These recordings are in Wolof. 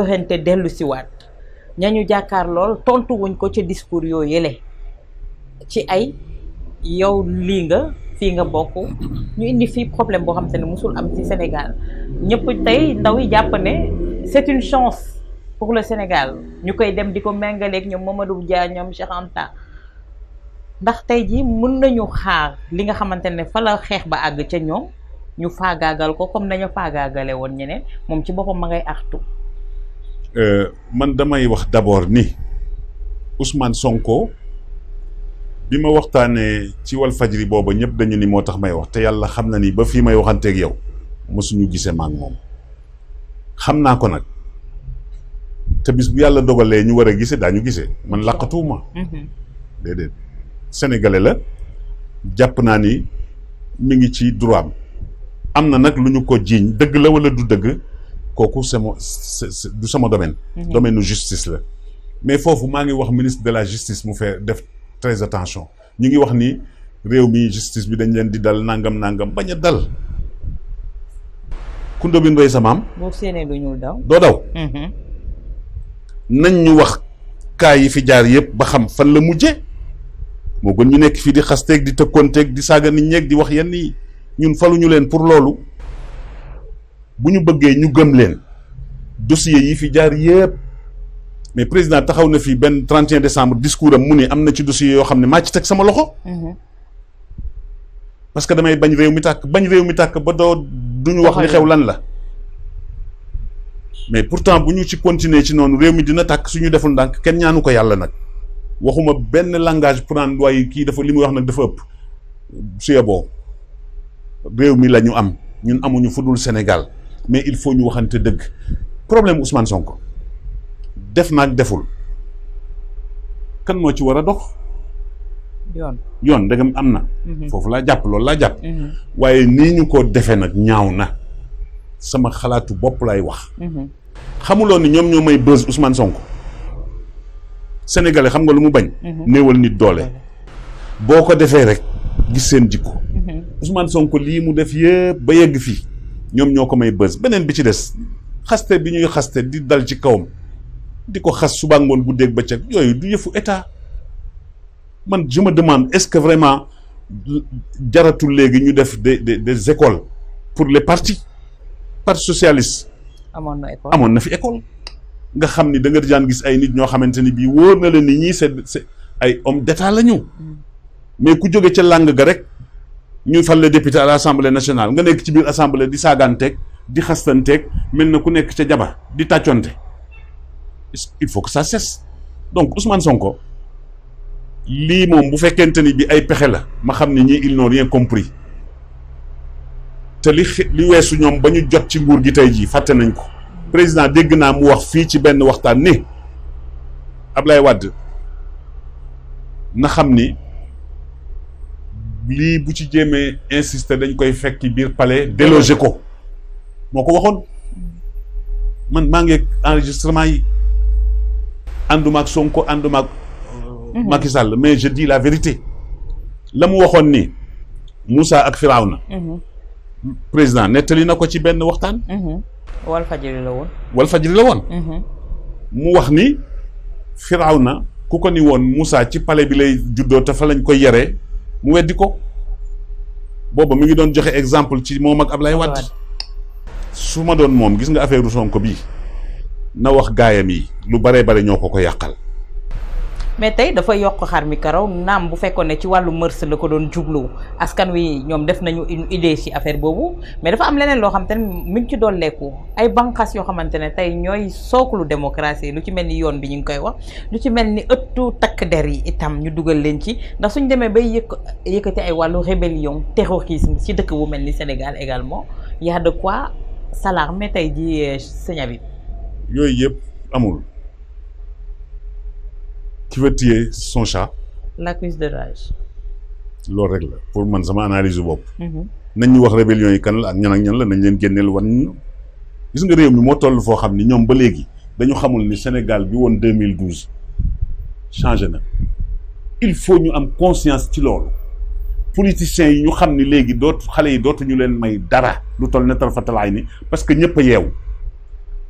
joxente dellu siwaat ñañu jàkkaar lool tontu wuñ ko ca discours yoo yële ci ay yow lii nga fii nga bokk ñu indi fii problème boo xam te ne mosul am ci senegal ñëpp tey ndaw yi jàpp ne c'est une chance pour le Sénégal ñu koy dem di ko mengaleek ñoom Mamadou Dia ñoom Cheikh Anta ndax tey jii mën nañu xaar li nga xamante ne fa xeex ba àgg ca ñoom ñu faagaagal ko comme nañu faagaagale woon ñeneen moom ci boppam ma ngay artu Euh, man damay wax d'abord ni Ousmane Sonko bi ma waxtaanee ci wal fajri booba ñëpp dañu ni moo tax may wax te yàlla xam na ni ba fii may waxanteeg yow mosuñu gisee maak moom xam naa ko nag te bis bu yàlla dogalee ñu war a gisee daañu gisee man làqatuwuma mhm. déedéet sénégalais la jàpp naa ni mi ngi ci droit am na nag lu ñu ko jiiñ dëgg la wala du dëgg kooku sama du sama domaine. Mhm. domaine nu justice la. mais foofu maa ngi wax ministre de la justice mu fee def très attention ñu ngi wax ni réew mi justice bi dañ leen di dal nangam nangam bañ a dal. Koundé bi Mbaye sa maam. doo daw. Mhm. nañ ñu wax kaay yi fi jaar yëpp ba xam fan la mujjee moo gën ñu nekk fii di xasteeg di tëkkoonteeg di saaga nit ñeeg di wax yenn yi ñun faluñu leen pour loolu. bu ñu bëggee ñu gëm leen dossier yi fi jaar yépp mais président taxaw na fi benn 31 décembre discours am mu ne am na ci dossier yoo xam ne maa ci teg sama loxo. Mhm. parce que damay bañ réew mi tàkk bañ réew mi tàkk ba doo duñu wax li xew lan la. mais pourtant bu ñu ci continuer ci noonu réew mi dina tàkk suñu deful ndànk kenn ñaanu ko yàlla nag waxuma benn langage pour naan waaye kii dafa li muy wax nag dafa ëpp. su yeboo réew mi la ñu am ñun amuñu fu dul Sénégal. mais il faut ñu waxante dëgg problème Ousmane Sonko def naag deful kan moo ci war a dox. yoon yoon am na. Mhm. foofu laa jàpp loolu laa jàpp. Mhm. waaye ni ñu ko defee nag ñaaw na sama xalaatu bopp laay wax. Mhm. xamuloo ni ñoom ñoo may bës Ousmane Sonko. Sénégalais xam nga lu mu bañ. néewal nit doole. boo ko defee rek gis seen jikko. Ousmane Sonko lii mu def yëpp ba yegg fii. ñoom ñoo ko may bës beneen bi ci des xaste bi ñuy xaste di dal ci kawam di ko xas suba ngoon guddeeg bëccëg yooyu du yëfu état man je me demande est-ce que vraiment jaratul léegi ñu def des des des écoles pour les partis parti socialiste. amoon na amoon na fi école. nga xam ni da nga daan gis ay nit ñoo xamante ni bii wóor na la ni ñii c'est ay homme d'état la ñu. Mm. mais ku jóge ca làng ga rek. ñu falle la député à l' assemblée nationale nga nekk ci biir assemblée di saagaanteeg di xastanteeg mel na ku nekk ca jabar di tàcconte il faut que ça cesse donc Ousmane Sonko lii moom bu fekkente ni bi ay pexe la ma xam ne ñi ils n'ont rien compris te li li weesu ñoom ba ñu jot ci nguur gi tey jii fàtte nañ ko président dégg naa mu wax fii ci benn waxtaan ni lay wàdd na xam ni. lii bu ci jéemee insister dañ koy fekki biir pale déloger ko moo ko waxoon man maa ngi enregistrement yi ànduma ak Sonko ànduma ak euh, mhm. Macky Sall mais je dis la vérité la mu waxoon ni Moussa ak Firawna mhm. président nettali na ko ci benn waxtaan mhm. Walfajiri la woon Walfajiri la woon mu wax ni Firawna ku ko ni woon Moussa ci pale bi lay juddoo te fa lañ koy yaree mu weddi ko booba mu ngi doon joxe exemple ci moom ak Ablaye Wade su ma doon moom gis nga affaire Sonko bii na wax gaayam yi lu baree bare ñoo ko ko yàqal mais tey dafa yokk xar mi karaw naam bu fekkoon ne ci wàllu mërs la ko doon jublu askan wi ñoom def nañu une idée ci affaire boobu mais dafa am leneen loo xam te ne mi ngi ci dolleeku ay banqaas yoo xamante ne tey ñooy sooklu démocratie lu ci mel ni yoon bi ñu ngi koy wax lu ci mel ni ëttu takk der yi itam ñu dugal leen ci ndax suñ demee bay yëkk yëkkate ay wàllu rébellion terrorisme ci dëkk bu mel ni Sénégal également y a de quoi mais tey ji euh, sëñ bi yooyu yëpp amul qui veut tuer son chat. l'accuse de rage. loolu rek la pour man sama analyse bopp. Mhm. nañ ñu wax rébellion yi kan la ak ñan ak ñan la nañ leen génneel wan ñu. gis nga réew mi moo toll foo xam ni ñoom ba léegi dañu xamul ni Sénégal bi woon 2012 changé na il faut ñu am conscience ci loolu politiciens yi ñu xam ni léegi dootu xale yi dootuñu leen may dara lu toll ne tarfatalaay ni parce que ñëpp a yeewu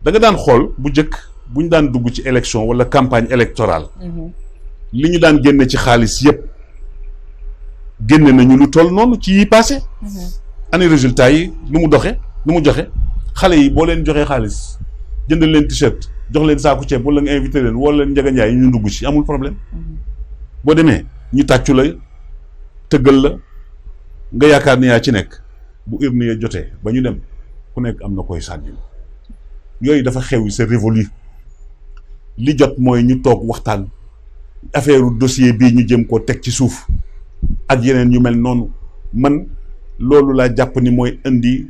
da daan xool bu njëkk. bu ñu daan dugg ci élection wala campagne électoral mhm. li ñu daan génne ci xaalis yëpp génne nañu lu toll noonu ci yi passé mhm. année résultat yi lu mu doxe lu mu joxe xale yi boo leen joxee xaalis jënd leen t-shirt jox leen saaku ceeb wala nga invité leen wala leen yi ñu dugg ci amul problème mhm. boo demee ñu tàccu la tëggal la nga yaakaar ni yaa ci nekk bu urne ya jotee ba ñu dem ku nekk am na koy sànni yooyu dafa xew yi c'est li jot mooy ñu toog waxtaan affaire dossier bii ñu jëm koo teg ci suuf ak yeneen yu mel noonu man loolu laa jàpp ni mooy indi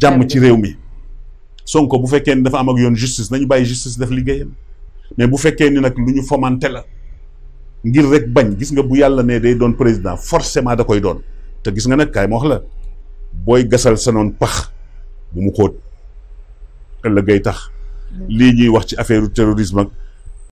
jàmm ci réew mi Sonko bu fekkee ni dafa am ak yoon justice nañu bàyyi justice def liggéeyam mais bu fekkee ni nag lu ñu fomante la ngir rek bañ gis nga bu yàlla ne day doon président forcément da koy doon te gis nga nag kaay ma wax la booy gasal sa noon pax bu mu xóot ëllëgay tax lii ñuy wax ci affaire terrorisme